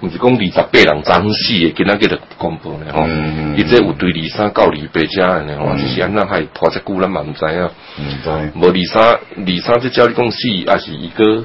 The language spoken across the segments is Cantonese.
不是講二十八人爭死嘅，今仔日就公布咧吼。伊即、嗯、有對二三告二百家嘅咧吼，是安那係拖只久咱嘛，唔、嗯、知啊。唔知。無二三，二三只招你講死，還是伊個？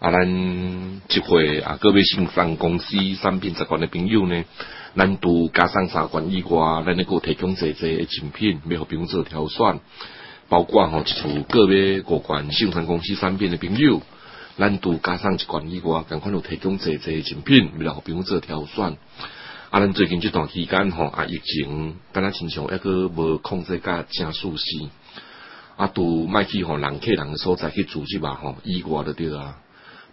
啊，咱即會啊，各位信商公司商品習慣的朋友呢，咱都加上三罐以外咱能夠提供儕儕嘅精品，要互朋友做挑選。包括吼、哦，即觸個別各關信商公司商品的朋友，咱都加上一罐以外共款有提供儕儕嘅精品，要來互朋友做挑選。啊，咱最近即段時間吼，啊疫情，敢若親像也去無控制甲誠舒適，啊，都賣去吼，人客人嘅所在去組織嘛吼，以外都對啊。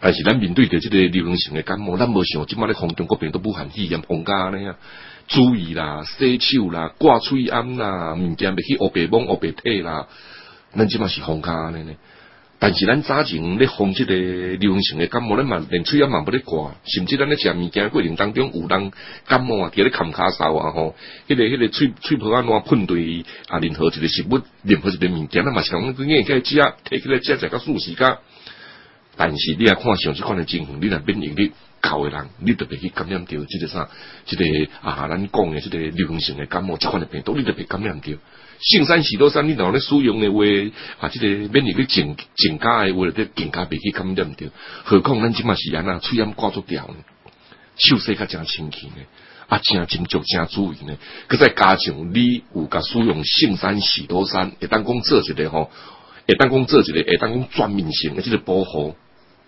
但是咱面對着即個流行性嘅感冒，咱無想即晚喺空中嗰邊都武漢肺炎風甲安尼啊，注意啦，洗手啦，掛喙颔啦，物件咪去烏白蒙烏白摕啦，咱即滿是風甲安尼咧。但是咱早前咧，防即個流行性嘅感冒，咱嘛，連喙颔嘛無咧掛，甚至咱咧食物件過程當中有人感冒啊，叫你冚咳嗽啊，嗬，嗰啲嗰啲喙喙皮啊安怎噴對，啊任何一個食物，任何一個物件啦，嘛想佢啱啱知摕起來食知較舒適甲。但是你要看上即款誒情況，你若免疫力高誒人，你著袂去感染着即、這個啥，即、這個啊，咱講誒即流行性誒感冒，即款誒病毒，你著袂感染着性山喜多山，你若咧使用誒話，啊，即個免疫力增增加誒話，你著更加袂去感染着。何況咱即咪是安怎，喙音掛條呢，手勢較正清氣誒啊，正斟酌正注意嘅，閣再加上你有甲使用性山喜多山，啊這個、會當講、啊、做一啲吼，會當講做一啲，會當講全面性誒，即個保護。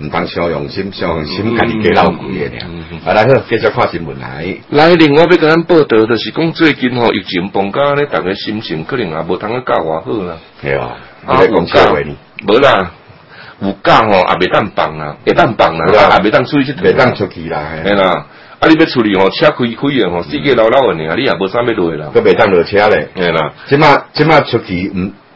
毋通傷用心，傷用心，咁你幾老攰嘅咧？好，繼續看新聞。來來，另外欲甲咱報道，著是講最近吼、哦、疫情放假咧，逐個心情可能也無通啊教外好啦。係啊，哦、啊你嚟講假話呢？無啦，有假吼也未當放啦，未、啊、當放啦、啊，也未當出去出。未當出去啦，係啦，啦。啊！你要出去吼，車開開啊，吼，四界老老誒、嗯，你也，你也無啥物欲落啦，閣未當落車咧，係啦。即滿即滿出去毋。嗯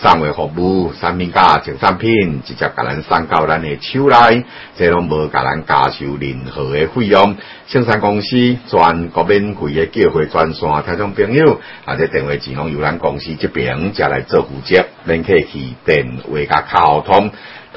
送維服務，產品價整產品直接甲咱送到咱嘅手內，即攏無甲咱加收任何嘅費用。生產公司全國免費嘅機會專線，聽眾朋友啊，即電話只能由咱公司這邊才來做負責，免客去電會加溝通。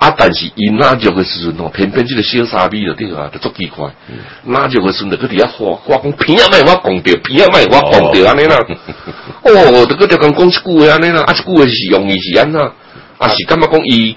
啊！但是伊拉着嘅時陣哦，偏偏即個小傻逼就對啊，就足奇怪。拉着嘅時陣，佢佇遐話，我講偏一賣，互我講掉，偏一賣，互我講掉，安尼啦。哦，著佢著咁講一句話，安尼啦，啊，一句話是用意、啊嗯，是安怎啊，是感覺講伊。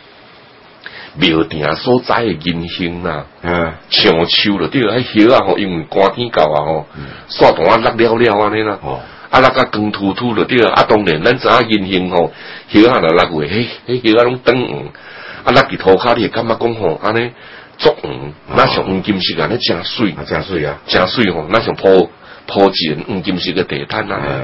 苗田所在誒銀杏啦，上、嗯、樹了，對啊，啊，喺、嗯、啊吼、啊，因為寒天到啊吼，煞互我落突突了了安尼啦吼，啊那個光禿禿了，對啊，啊當然咱知影銀杏吼，葉啊若落去，迄嘿，葉啊攏轉黃，啊那個塗骹地感覺講吼，安尼足黃，那上黃金色安尼，那正啊正水啊，正水吼，那上破破磚黃金色嘅地毯啊。嗯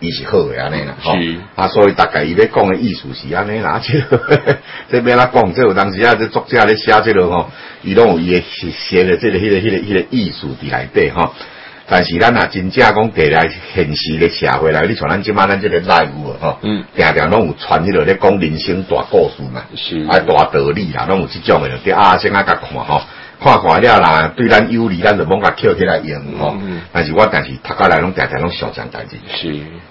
伊是好誒安尼啦，吼、嗯，啊，所以大概伊咧講誒意思是安尼啦，即囉即要哪講，即有當時啊，這作者咧寫即落吼，伊攏有伊誒寫誒即個、迄個、迄個、迄個意思佇內底吼，但是咱也真正講地來現實嘅社會來，你像咱即馬咱即個內部吼，嗯，常常攏有傳迄落咧講人生大故事嘛，是啊大道理啦啊，攏有即種誒，嘅，對啊先啊甲看吼，看看你啦，對咱有利，咱就蒙甲拾起來用吼。但是我但是讀家來攏常常攏小賬代志。是。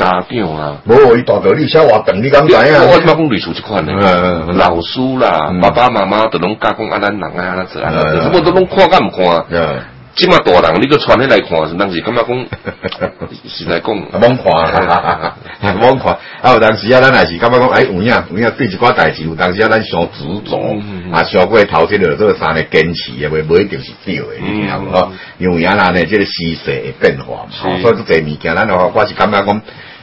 家長啊，無伊代表你，先話同你咁解啊。我今講類似即款咧，老師啦，爸爸媽媽都攏家講阿蘭人啊，怎啊？我、嗯嗯、都攏看甲毋看？即、嗯、滿大人，你都傳起來看，是當是感覺講，是來講，唔看，唔看。啊，有當時啊，咱也是感覺講，哎，有影有影，對一掛代志，有當時啊，咱想執着，啊，想過頭先了，做三個堅持，也袂，無一定是對的。你知道無？因為啊，人、啊、誒，即個時勢會變化，所以做儕物件，咱的話，我是感覺講。啊嗯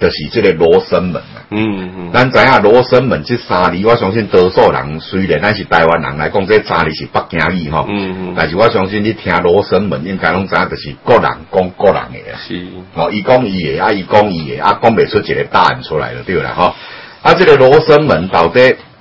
就是這個羅生門啊，嗯，嗯，咱知影羅生門這三字，我相信多數人雖然咱是台灣人來講，這三字是北京語哈，嗯，嗯，但是我相信你聽羅生門應該攏知影，就是各人講各人嘅啊。是，哦，伊講伊嘅，啊，伊講伊嘅，啊，講未出一個答案出來了，對啦吼啊，這個羅生門到底？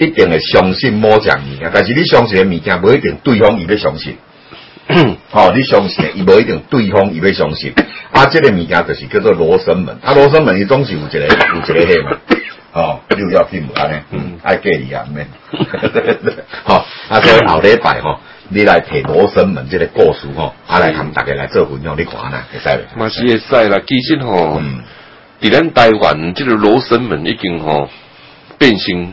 一定會相信某樣嘢，但是你相信的物件，不一定對方要相信、 哦。你相信的，不一定對方要相信。啊，這個物件就是叫做羅生門。啊，羅生門，你總是有一個，有一個戲嘛。要、哦、愛、嗯、啊，所以後禮拜你來提羅生門這個故事、哦，嗬，我嚟同大家來做分享，你睇下啦，得唔得？是會啦，其實嗯啲人台灣呢個羅生門已經變形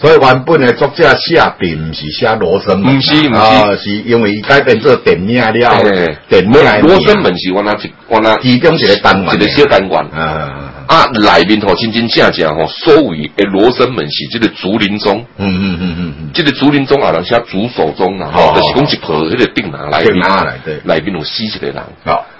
所以原本嘅作者下筆不是寫羅生門，是不是，不是哦、是因為改變變做電影了，對對對電影羅生門是換下只換下其中一個單元，啊、一個小單元。啊，內、啊、面嗬真正正正所謂嘅羅生門是即個竹林中，嗯嗯嗯嗯，即、嗯嗯這個竹林中啊，嗱寫竹手中啊，嚇、哦，就是講一樖嗰個病埋嚟，病埋對，對，裡面有死死個人。哦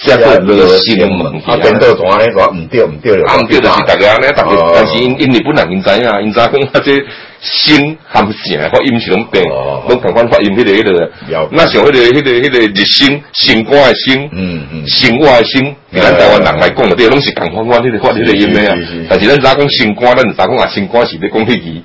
這個是聲的問題啊。啊，變到怎啊呢個？唔着唔着，啊唔着就是大家啊，大、哦、家。但是因因日本人因仔啊，因知影講啊這聲和、哦、正啊，哦、發音是攏變，攏同款發音。迄個迄個，那是迄個迄、那個迄、那個日聲，聲歌的聲，嗯嗯，聲外的聲。咱台灣人來講，就對，攏、嗯、是同款款，迄、那個發迄個音的啊？但是咱知影講新歌，咱知影講啊新歌是佇講迄個。